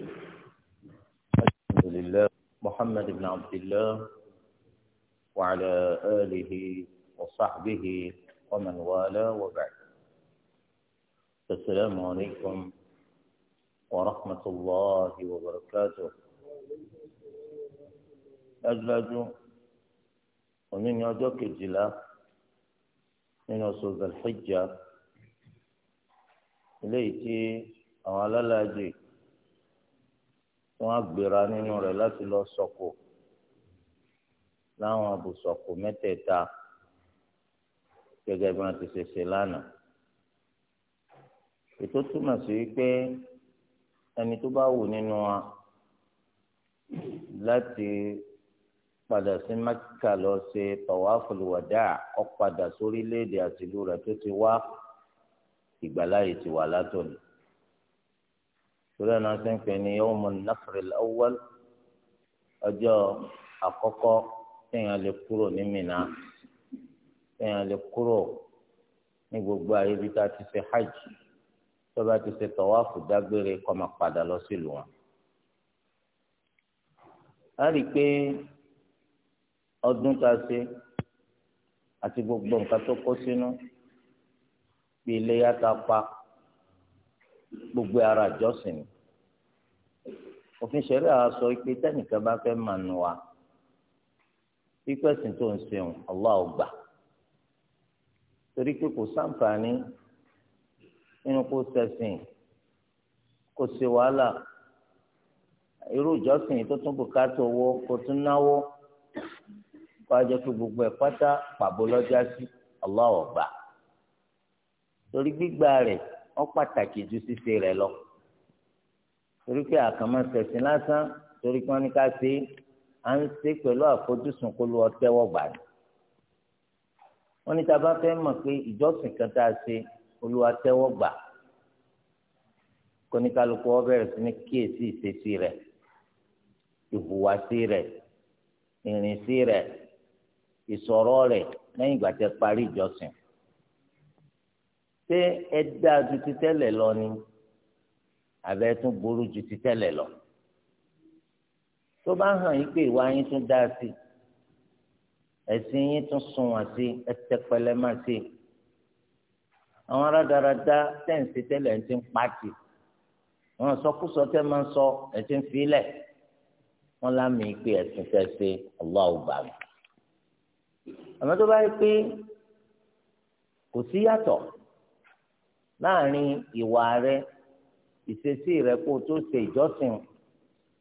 الحمد لله محمد بن عبد الله وعلى آله وصحبه ومن والاه وبعد السلام عليكم ورحمة الله وبركاته أجلجوا ومن يدوك الجلاء من وصول الحجة إليتي أو على لاجئ wọ́n á gbéra nínú rẹ̀ láti lọ sọ̀kò láwọn abùsọ̀kò mẹ́tẹ̀ẹ̀ta gẹ́gẹ́ bí wọ́n ti ṣe ṣe lánàá. ètò túmọ̀ sí wípé ẹni tó bá wù nínú wa láti padà sí Mẹ́kà lọ ṣe tawaful wadaa ó padà sórílẹ̀ àtìlú rẹ̀ tó ti wá ìgbàláyè ti wà látòní torí ẹ̀nà tó ń pè ní yawmun nafril awwal ọjọ́ àkọ́kọ́ téèyàn lè kúrò ní Mínà téèyàn lè kúrò ní gbogbo ayé bí tá a ti ṣe hajj tó bá ti ṣe tọ́wáfù dágbére kó máa padà lọ sílùú wọn. a rí i pé ọdún tá a ṣe àti gbogbo nǹkan tó kó sínú bí iléyà tá a pa gbogbo ara ìjọsìn ni òfin ṣẹlẹ àá sọ pé tẹnìkan bá fẹ́ máa nu wa pípẹ́sìn tó ń ṣeun Allah ò gbà torí pé kò sáǹfààní nínú kó ṣẹ̀sìn kó ṣe wàhálà irú ìjọsìn tó tún bùkátà owó kó tún náwó kó a jẹ pé gbogbo ẹ̀ pátá pàbó lọ́jà sí Allah ò gbà torí gbígbà rẹ̀ ó pàtàkì ju ṣíṣe rẹ̀ lọ torí pé àkànmọ́sẹ̀sìn lásán torí pé wọ́n ní ká ṣe à ń ṣe pẹ̀lú àfojúsùn kó lu ọtẹ́wọ́ gbà ní. wọ́n ní tá a bá fẹ́ mọ̀ pé ìjọsìn kan tá a ṣe olúwa tẹ́wọ́ gbà kó ní kálukú wọ́n bẹ̀rẹ̀ sí ní kíyèsí ìṣesí rẹ̀ ìhùwàsí rẹ̀ ìrìnsí rẹ̀ ìsọ̀rọ̀ rẹ̀ lẹ́yìn ìgbà tẹ́ parí ìjọsìn ṣé ẹ dáa ju ti tẹ́lẹ̀ lọ ni àbẹ́ tún burú ju ti tẹ́lẹ̀ lọ tó bá hàn yín pé ìwà yín tún dáa sí ẹ̀sìn yín tún sunwọ̀n sí ẹtẹpẹlẹ má sí àwọn rádaràda tẹ̀sí tẹ́lẹ̀ ń ti ń pàtì wọn sọkúsọ tẹ́ máa ń sọ ẹ̀ ti ń filẹ̀ wọn lámì pé ẹ̀sìn fẹ́ ṣe Allahu bàbá àmọ́ tó bá yẹ pé kò sí yàtọ̀ láàrin ìwà rẹ ìṣesí rẹ kó o tó ṣe ìjọsìn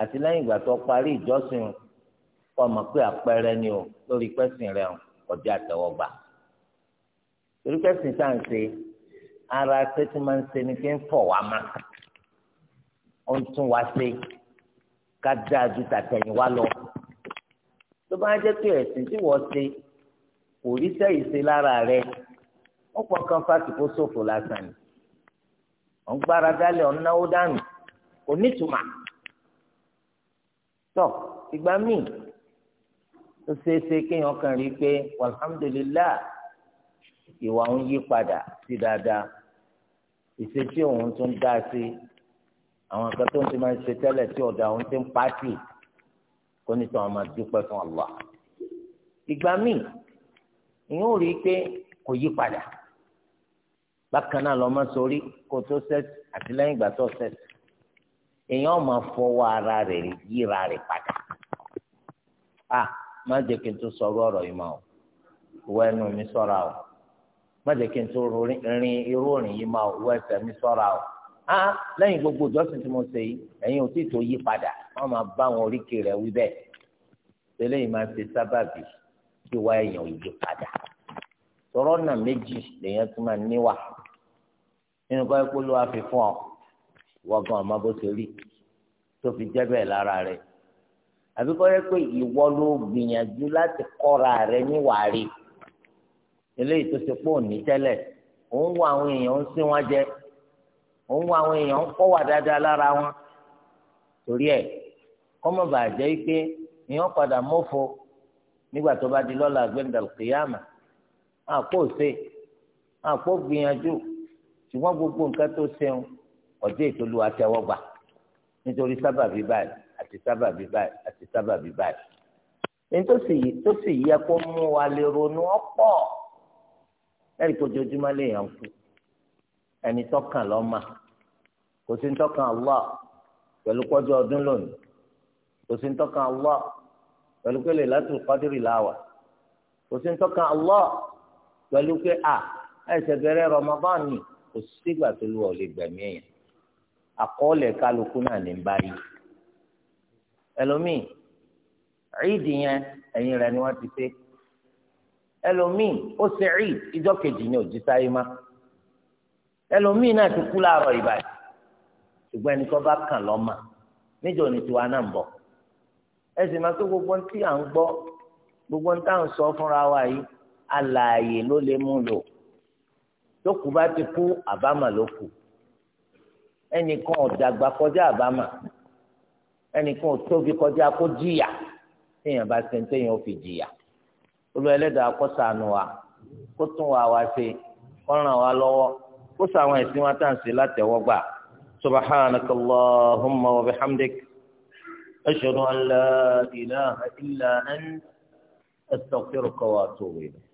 àti lẹ́yìn ìgbà tó parí ìjọsìn kọ́ mọ̀ pé àpẹẹrẹ ni o lórí pẹ́sìn rẹ ọ̀dí àtẹ̀wọ́gbà torí pẹ́sìn tá à ń ṣe ara tẹ́tí máa ń ṣe ni kí ń fọ̀ wá má ó ń tún wá ṣe ká dáa ju tàtẹ̀yìn wá lọ tó bá jẹ́ pé ẹ̀sìn tí wọ́n ṣe kò rí sẹ́yìn ṣe lára rẹ ó pọ̀ kan fásitì kó ṣòfò lásán ni ọ̀n gbára dálẹ̀ ọ̀n náwó dànù kò nítumà tọ ìgbà míì ó ṣeé ṣe kéèyàn kan rí i pé alhamdulilah ìwà ń yí padà sí dáadáa ìṣesí òun tún dá sí àwọn kan tó ń ti máa ń ṣe tẹ́lẹ̀ tí ọ̀dà òun ti ń pàtì kó nítorí àwọn máa dúpẹ́ fún Allah ìgbà míì ìyẹn rí i pé kò yí padà bákan náà lọ́mọ sórí kó tó sẹ́t àti lẹ́yìn ìgbà tó sẹ́t èèyàn máa fọwọ́ ara rẹ̀ yíra rẹ̀ padà a má jẹ́ kí n tó sọ ọ̀rọ̀ yìí máa o ìwọ ẹnu mi sọ́ra o má jẹ́ kí n tó rin irú òrìn yìí máa o ìwọ ẹsẹ̀ mi sọ́ra o a lẹ́yìn gbogbo ìjọsìn tí mo ṣe yìí ẹ̀yin ò tí tó yí padà wọ́n máa bá àwọn oríkèé rẹ̀ wí bẹ́ẹ̀ tẹ́lẹ̀ yìí máa ṣe sábàbí kí wá èèyàn ò yí padà sọ̀rọ̀ náà méjì lèèyàn tún máa níwà nínú kọ́ ẹ̀kọ́ ló wá fi fún ọ wọ́gàn ọmọ bó ṣe rí tó fi jẹ́ lára àbí kọ́ yẹ pé ìwọ ló gbìyànjú láti kọ́ra rẹ níwàárí èèyàn ń wọn èèyàn ń kọ́ wà dáadáa lára wọn torí kọ́mọ̀bà jẹ́ pé èèyàn padà nígbà tó bá di ṣùgbọ́n gbogbo nǹkan tó ṣeun ọjọ́ ìtòlú àtẹwọ́gbà nítorí sábàbí báyìí àti sábàbí báyìí àti sábàbí báyìí. ẹni tó sì yẹ kó mú wa lè ronú ọ̀pọ̀ ẹ̀rí kó jojúmọ́ léèyàn kú ẹni tọ́kàn lọ́mà kò sí tọ́kàn Allah pẹ̀lú pọ́jọ́ ọdún lónìí kò sí tọ́kàn Allah pẹ̀lú pé lè látò kọ́dírì láwà kò sí tọ́kàn Allah pẹ̀lú pé à ẹ̀ṣẹ̀ bẹ̀rẹ̀ Ramadan nìí kò sígbà tó lù ọ lè gbẹ̀mí èèyàn àkọọ́lẹ̀ kálukú náà ní báyìí ẹlòmíì ìdí yẹn ẹ̀yìn rẹ̀ ni wọ́n ti ṣe ẹlòmíì ó ṣe ìd ìjọ kejì ní òjísáyé má ẹlòmíì náà ti kú láàárọ̀ ìbàdí ṣùgbọ́n ẹni tó bá kàn lọ́mà níjọ́ ni tiwa náà ń bọ̀ ẹ sì máa tó gbogbo tí à ń gbọ́ gbogbo táwọn sọ fúnra wa yìí alààyè ló lè mú lò tókù bá ti kú àbámà ló kù ẹnìkan ò dàgbà kọjá àbámà ẹnìkan ò tóbi kọjá kó jìyà téèyàn bá ṣe téèyàn ò fi jìyà olú ẹlẹ́dàá kó ṣàánú wa kó tún wa wá ṣe kó ràn wá lọ́wọ́ kó ṣàwọn ẹ̀sìn wa tá à ń ṣe látẹ̀wọ́gbà subhanaka wa bihamdik ashhadu an la ilaha illa ant astaghfiruka wa atubu ilayk.